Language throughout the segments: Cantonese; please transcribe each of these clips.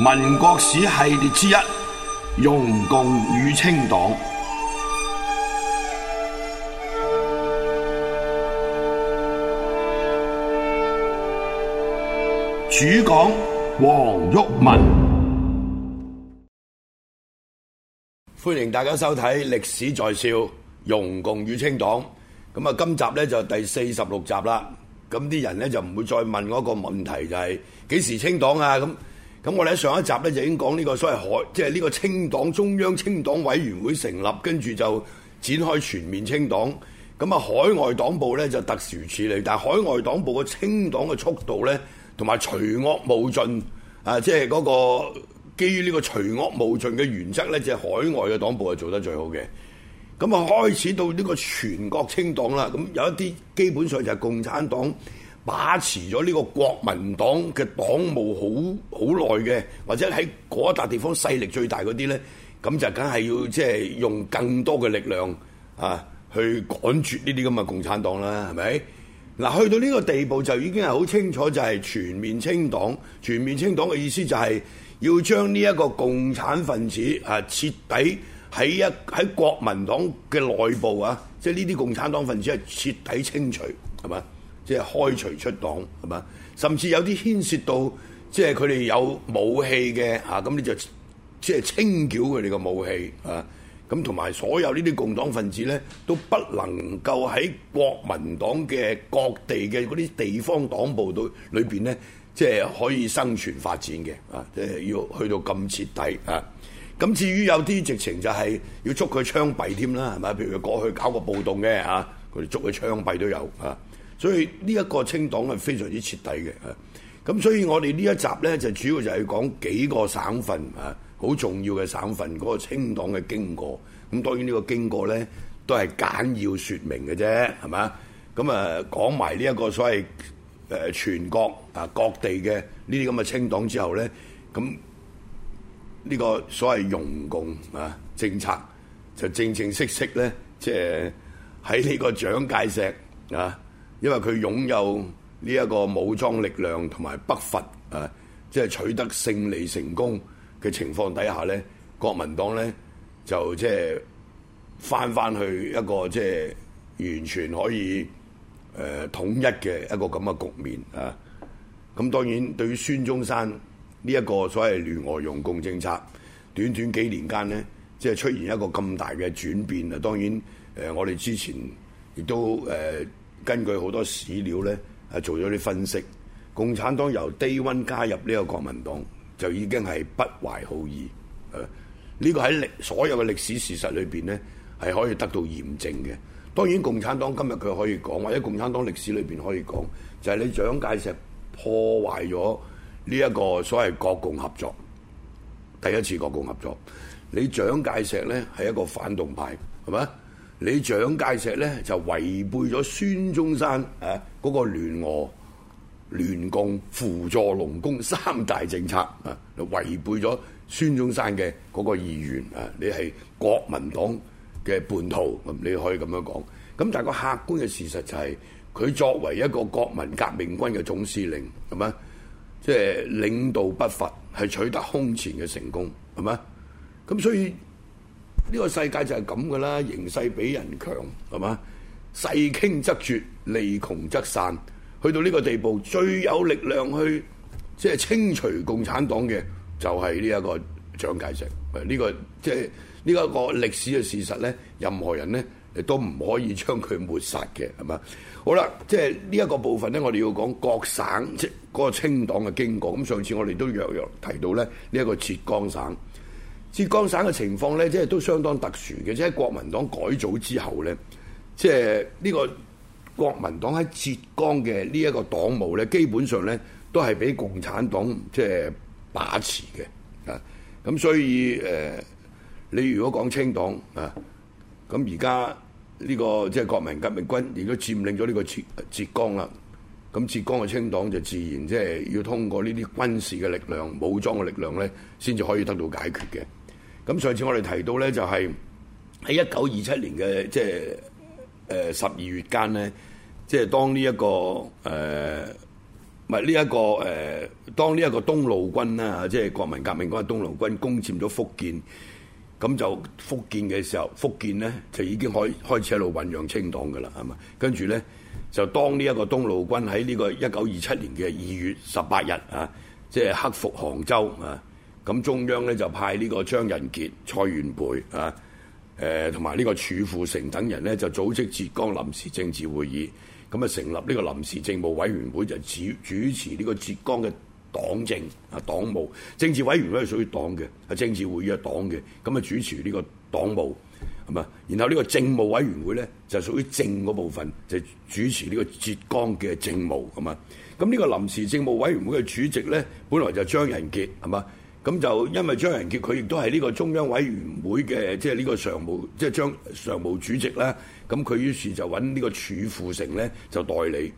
民國史系列之一《容共與清黨》主，主講黃毓民，歡迎大家收睇《歷史在笑容共與清黨》。咁啊，今集咧就第四十六集啦。咁啲人咧就唔會再問我一個問題，就係、是、幾時清黨啊？咁咁我哋喺上一集咧就已經講呢個所謂海，即係呢個清黨中央清黨委員會成立，跟住就展開全面清黨。咁啊，海外黨部咧就特殊處理，但係海外黨部嘅清黨嘅速度咧，同埋除惡務盡啊！即係嗰個基於呢個除惡務盡嘅原則咧，就係海外嘅黨部係做得最好嘅。咁啊，開始到呢個全國清黨啦。咁有一啲基本上就係共產黨。把持咗呢個國民黨嘅黨務好好耐嘅，或者喺嗰一笪地方勢力最大嗰啲呢，咁就梗係要即係用更多嘅力量啊，去趕絕呢啲咁嘅共產黨啦，係咪？嗱，去到呢個地步就已經係好清楚，就係全面清黨。全面清黨嘅意思就係要將呢一個共產分子啊，徹底喺一喺國民黨嘅內部啊，即係呢啲共產黨分子係徹底清除，係咪？即係開除出黨係嘛，甚至有啲牽涉到即係佢哋有武器嘅嚇，咁、啊、你就即係清繳佢哋個武器啊！咁同埋所有呢啲共黨分子咧，都不能夠喺國民黨嘅各地嘅嗰啲地方黨部隊裏邊咧，即係可以生存發展嘅啊！即、就、係、是、要去到咁徹底啊！咁至於有啲直情就係要捉佢槍斃添啦，係嘛？譬如過去搞個暴動嘅嚇，佢哋捉佢槍斃都有啊！所以呢一個清黨係非常之徹底嘅，咁所以我哋呢一集咧就主要就係講幾個省份啊，好重要嘅省份嗰個清黨嘅經過。咁當然呢個經過咧都係簡要説明嘅啫，係嘛？咁啊講埋呢一個所謂誒全國啊各地嘅呢啲咁嘅清黨之後咧，咁呢個所謂容共啊政策就正正式式咧，即係喺呢個蔣介石啊。因為佢擁有呢一個武裝力量同埋北伐啊，即係取得勝利成功嘅情況底下呢，國民黨呢就即係翻翻去一個即係完全可以誒統一嘅一個咁嘅局面啊。咁當然對於孫中山呢一個所謂聯俄用共政策，短短幾年間呢，即係出現一個咁大嘅轉變啊。當然誒，我哋之前亦都誒。根據好多史料咧，係做咗啲分析。共產黨由 day one 加入呢一個國民黨，就已經係不懷好意。誒，呢、這個喺所有嘅歷史事實裏面咧，係可以得到驗證嘅。當然，共產黨今日佢可以講，或者共產黨歷史裏面可以講，就係、是、你蔣介石破壞咗呢一個所謂國共合作，第一次國共合作。你蔣介石咧係一個反動派，係咪？你蔣介石咧就違背咗孫中山嗰、啊那個聯俄聯共扶助農工三大政策啊，違背咗孫中山嘅嗰個意願啊！你係國民黨嘅叛徒，你可以咁樣講。咁、啊、但係個客觀嘅事實就係、是、佢作為一個國民革命軍嘅總司令，係咪？即、就、係、是、領導北伐，係取得空前嘅成功，係咪？咁所以。呢個世界就係咁噶啦，形勢比人強，係嘛？勢傾則絕，利窮則散。去到呢個地步，最有力量去即係清除共產黨嘅，就係呢一個蔣介石。呢個即係呢一個歷史嘅事實咧，任何人咧都唔可以將佢抹殺嘅，係嘛？好啦，即係呢一個部分咧，我哋要講各省即係嗰個清黨嘅經過。咁上次我哋都弱弱提到咧，呢一個浙江省。浙江省嘅情況咧，即係都相當特殊嘅，即係國民黨改組之後咧，即係呢個國民黨喺浙江嘅呢一個黨務咧，基本上咧都係俾共產黨即係把持嘅啊。咁所以誒，你如果講清黨啊，咁而家呢個即係國民革命軍亦都佔領咗呢個浙浙江啦，咁浙江嘅清黨就自然即係要通過呢啲軍事嘅力量、武裝嘅力量咧，先至可以得到解決嘅。咁上次我哋提到咧，就係喺一九二七年嘅即係誒十二月間咧，即係當呢一個誒、唔係呢一個誒、呃，當呢一個東路軍啦，即係國民革命軍東路軍攻佔咗福建，咁就福建嘅時候，福建咧就已經開開始喺度醖釀清黨嘅啦，係嘛？跟住咧就當呢一個東路軍喺呢個一九二七年嘅二月十八日啊，即係克復杭州啊！咁中央咧就派呢個張人傑、蔡元培啊，誒同埋呢個褚輔成等人咧，就組織浙江臨時政治會議。咁啊，成立呢個臨時政務委員會，就主主持呢個浙江嘅黨政啊黨務政治委員會係屬於黨嘅，係政治會議係黨嘅，咁啊主持呢個黨務係嘛。然後呢個政務委員會咧就屬於政嗰部分，就主持呢個浙江嘅政務咁啊。咁呢個臨時政務委員會嘅主席咧，本來就係張人傑係嘛。咁就因為張人傑佢亦都係呢個中央委員會嘅，即係呢個常務，即係張常務主席啦。咁佢於是就揾呢個褚富成咧就代理。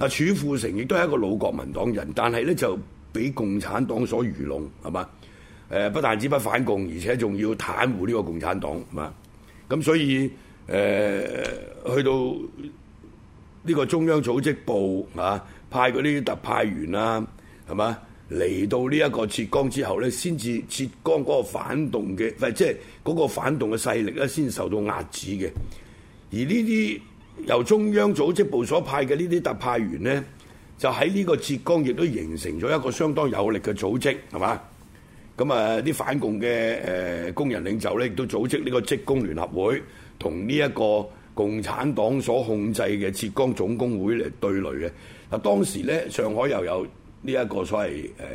啊，褚富成亦都係一個老國民黨人，但係咧就俾共產黨所愚弄係嘛？誒，不但止不反共，而且仲要袒護呢個共產黨係嘛。咁所以誒、呃，去到呢個中央組織部啊派嗰啲特派員啊係嘛？嚟到呢一個浙江之後咧，先至浙江嗰個反動嘅，即係嗰反動嘅勢力咧，先受到壓制嘅。而呢啲由中央組織部所派嘅呢啲特派員咧，就喺呢個浙江亦都形成咗一個相當有力嘅組織，係嘛？咁啊，啲反共嘅誒、呃、工人領袖咧，亦都組織呢個職工聯合會，同呢一個共產黨所控制嘅浙江總工會嚟對壘嘅。嗱，當時咧，上海又有。呢一個所謂誒、呃、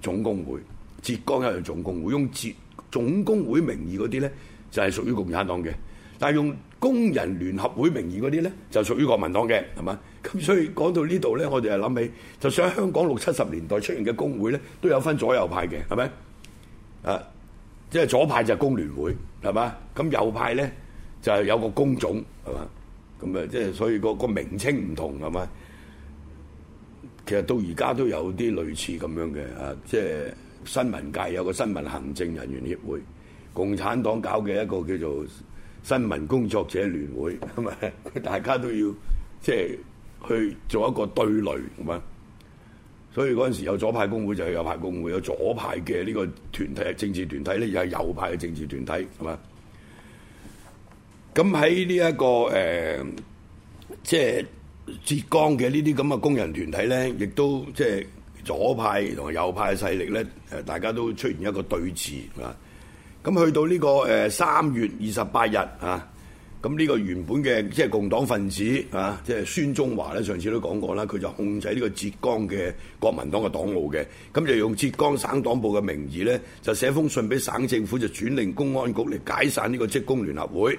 總工會，浙江一樣總工會，用浙總工會名義嗰啲咧就係屬於共產黨嘅；但係用工人聯合會名義嗰啲咧就屬於國民黨嘅，係嘛？咁所以講到這裏呢度咧，我哋又諗起，就上香港六七十年代出現嘅工會咧，都有分左右派嘅，係咪？啊，即、就、係、是、左派就係工聯會，係嘛？咁右派咧就係有個工總，係嘛？咁啊，即係所以、那個、個個名稱唔同，係嘛？其實到而家都有啲類似咁樣嘅，啊，即係新聞界有個新聞行政人員協會，共產黨搞嘅一個叫做新聞工作者聯會，係咪？大家都要即係、就是、去做一個對壘，係嘛？所以嗰陣時有左派工會就係右派工會，有左派嘅呢個團體，政治團體咧又係右派嘅政治團體，係嘛？咁喺呢一個誒，即、呃、係。就是浙江嘅呢啲咁嘅工人團體咧，亦都即係左派同埋右派嘅勢力咧，誒，大家都出現一個對峙啊！咁去到呢個誒三月二十八日啊，咁呢個原本嘅即係共黨分子啊，即係孫中華咧，上次都講過啦，佢就控制呢個浙江嘅國民黨嘅黨務嘅，咁就用浙江省黨部嘅名義咧，就寫封信俾省政府，就轉令公安局嚟解散呢個職工聯合會。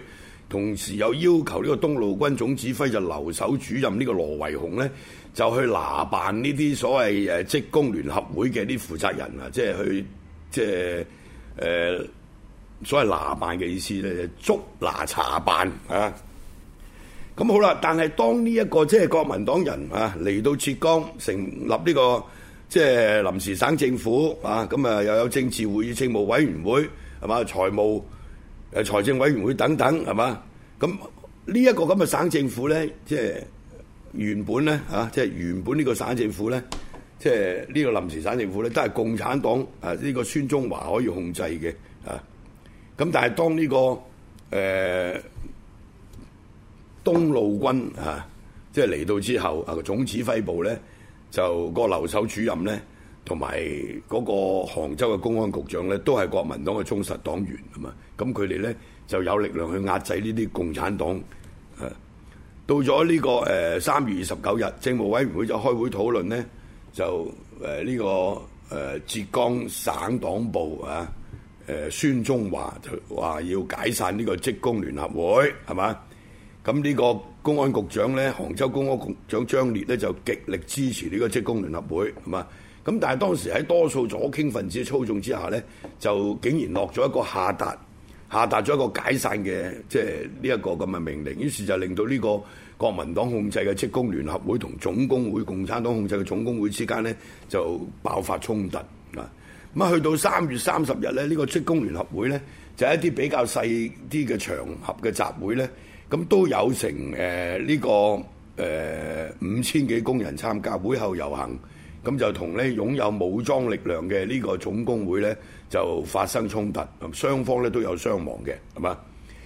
同時又要求呢個東路軍總指揮就留守主任呢個羅維雄呢，就去拿辦呢啲所謂誒職工聯合會嘅啲負責人啊，即係去即係誒所謂拿辦嘅意思咧，捉拿查辦啊。咁好啦，但係當呢、這、一個即係、就是、國民黨人啊嚟到浙江成立呢、這個即係、就是、臨時省政府啊，咁啊又有政治會議、政務委員會係嘛財務。誒財政委員會等等係嘛？咁呢一個咁嘅省政府咧，即係原本咧嚇，即係原本呢個省政府咧，即係呢個臨時省政府咧，都係共產黨啊呢個孫中華可以控制嘅啊。咁但係當呢個誒東路軍啊即係嚟到之後啊，總指揮部咧就個留守主任咧，同埋嗰個杭州嘅公安局長咧，都係國民黨嘅忠實黨員啊嘛。咁佢哋咧就有力量去壓制呢啲共產黨。啊、到咗呢、呢個三月二十九日，政務委員會就開會討論呢，就呢、呃呢個、呃、浙江省黨部啊、呃，孫中華就話要解散呢個職工聯合會，係嘛？咁呢個公安局長咧，杭州公安局長張烈咧就極力支持呢個職工聯合會，係嘛？咁但係當時喺多數左傾分子操縱之下咧，就竟然落咗一個下達。下達咗一個解散嘅即係呢一個咁嘅命令，於是就令到呢個國民黨控制嘅職工聯合會同總工會，共產黨控制嘅總工會之間咧就爆發衝突嗱。咁啊去到三月三十日咧，呢、呢個職工聯合會咧就係、一啲比較細啲嘅場合嘅集會咧，咁都有成誒呢、呃呢個誒五千幾工人參加，會後遊行。咁就同呢擁有武裝力量嘅呢個總工會呢，就發生衝突，雙方呢都有傷亡嘅，係嘛？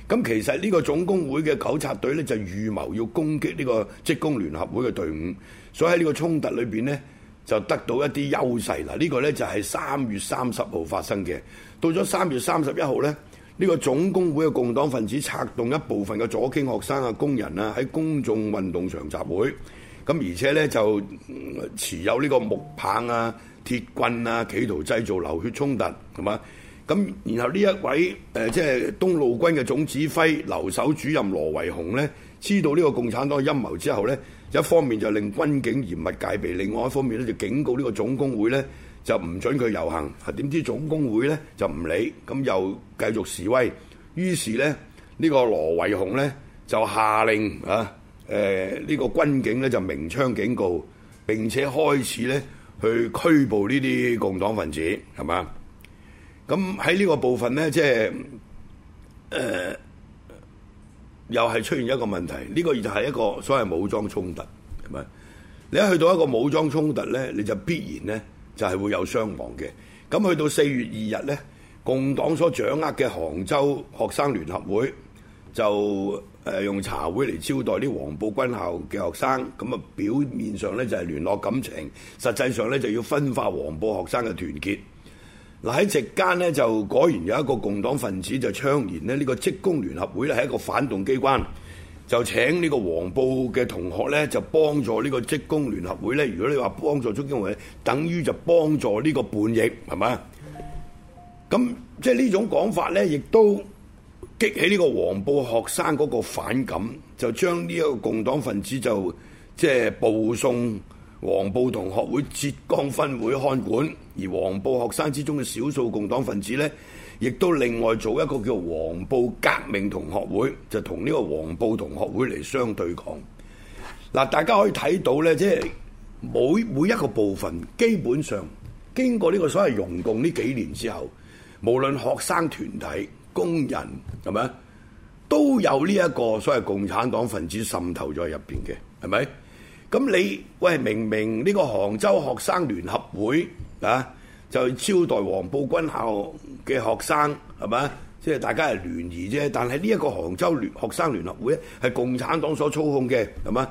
咁其實呢個總工會嘅糾察隊呢，就預謀要攻擊呢個職工聯合會嘅隊伍，所以喺呢個衝突裏面呢，就得到一啲優勢。嗱，呢個呢，就係三月三十號發生嘅。到咗三月三十一號呢，呢個總工會嘅共黨分子策動一部分嘅左傾學生啊、工人啊喺公眾運動場集會。咁而且咧就持有呢個木棒啊、鐵棍啊，企圖製造流血衝突，係嘛？咁然後呢一位誒即係東路軍嘅總指揮、留守主任羅維雄咧，知道呢個共產黨嘅陰謀之後咧，一方面就令軍警嚴密戒備，另外一方面咧就警告呢個總工會咧就唔准佢遊行。係點知總工會咧就唔理，咁又繼續示威。於是咧呢個羅維雄咧就下令啊！誒呢、呃這個軍警咧就鳴槍警告，並且開始咧去拘捕呢啲共黨分子，係嘛？咁喺呢個部分咧，即係誒、呃、又係出現一個問題，呢、這個就係一個所謂武裝衝突，係咪？你一去到一個武裝衝突咧，你就必然咧就係、是、會有傷亡嘅。咁去到四月二日咧，共黨所掌握嘅杭州學生聯合會就誒用茶會嚟招待啲黃埔軍校嘅學生，咁啊表面上咧就係聯絡感情，實際上咧就要分化黃埔學生嘅團結。嗱喺席間咧就果然有一個共黨分子就倡言咧，呢、呢個職工聯合會咧，係一個反動機關，就請呢個黃埔嘅同學咧就幫助呢個職工聯合會咧。如果你話幫助職工會，等於就幫助呢個叛逆，係嘛？咁即係呢種講法咧，亦都，激起呢個黃埔學生嗰個反感，就將呢個共黨分子就即係、就是、報送黃埔同學會浙江分會看管，而黃埔學生之中嘅少數共黨分子呢，亦都另外做一個叫黃埔革命同學會，就同呢個黃埔同學會嚟相對抗。嗱，大家可以睇到呢，即、就、係、是、每每一個部分基本上經過呢個所謂容共呢幾年之後，無論學生團體。工人係咪都有呢一個所謂共產黨分子滲透在入邊嘅係咪？咁你喂，明明呢個杭州學生聯合會啊，就招待黃埔軍校嘅學生，係咪即係大家係聯誼啫。但係呢一個杭州聯學生聯合會咧，係共產黨所操控嘅係咪？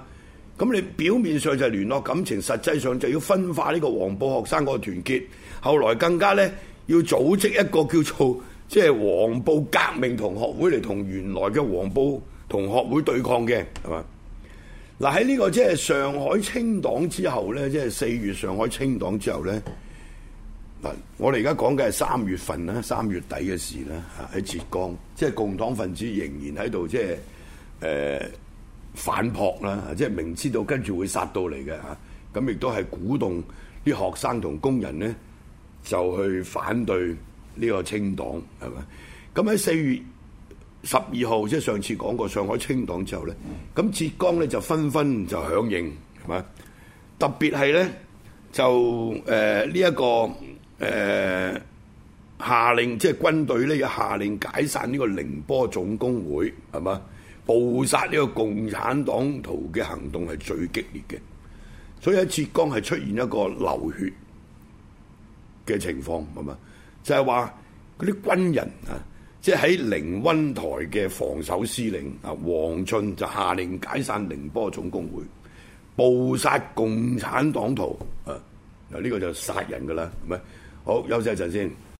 咁你表面上就係聯絡感情，實際上就要分化呢個黃埔學生個團結。後來更加咧，要組織一個叫做即係黃埔革命同學會嚟同原來嘅黃埔同學會對抗嘅，係嘛？嗱喺呢個即係上海清黨之後咧，即係四月上海清黨之後咧，嗱我哋而家講嘅係三月份啦，三月底嘅事啦，喺浙江，即係共黨分子仍然喺度即係誒反撲啦，即係、呃、明知道跟住會殺到嚟嘅吓，咁、啊、亦都係鼓動啲學生同工人咧就去反對。呢個清黨係咪？咁喺四月十二號，即係上次講過上海清黨之後咧，咁浙江咧就紛紛就響應係嘛？特別係咧就誒呢一個誒下令，即係軍隊咧要下令解散呢個寧波總工會係嘛？捕殺呢個共產黨徒嘅行動係最激烈嘅，所以喺浙江係出現一個流血嘅情況係嘛？就係話嗰啲軍人啊，即係喺寧溫台嘅防守司令啊，王俊就下令解散寧波總工會，暴殺共產黨徒啊！嗱，呢個就殺人噶啦，係咪？好，休息一陣先。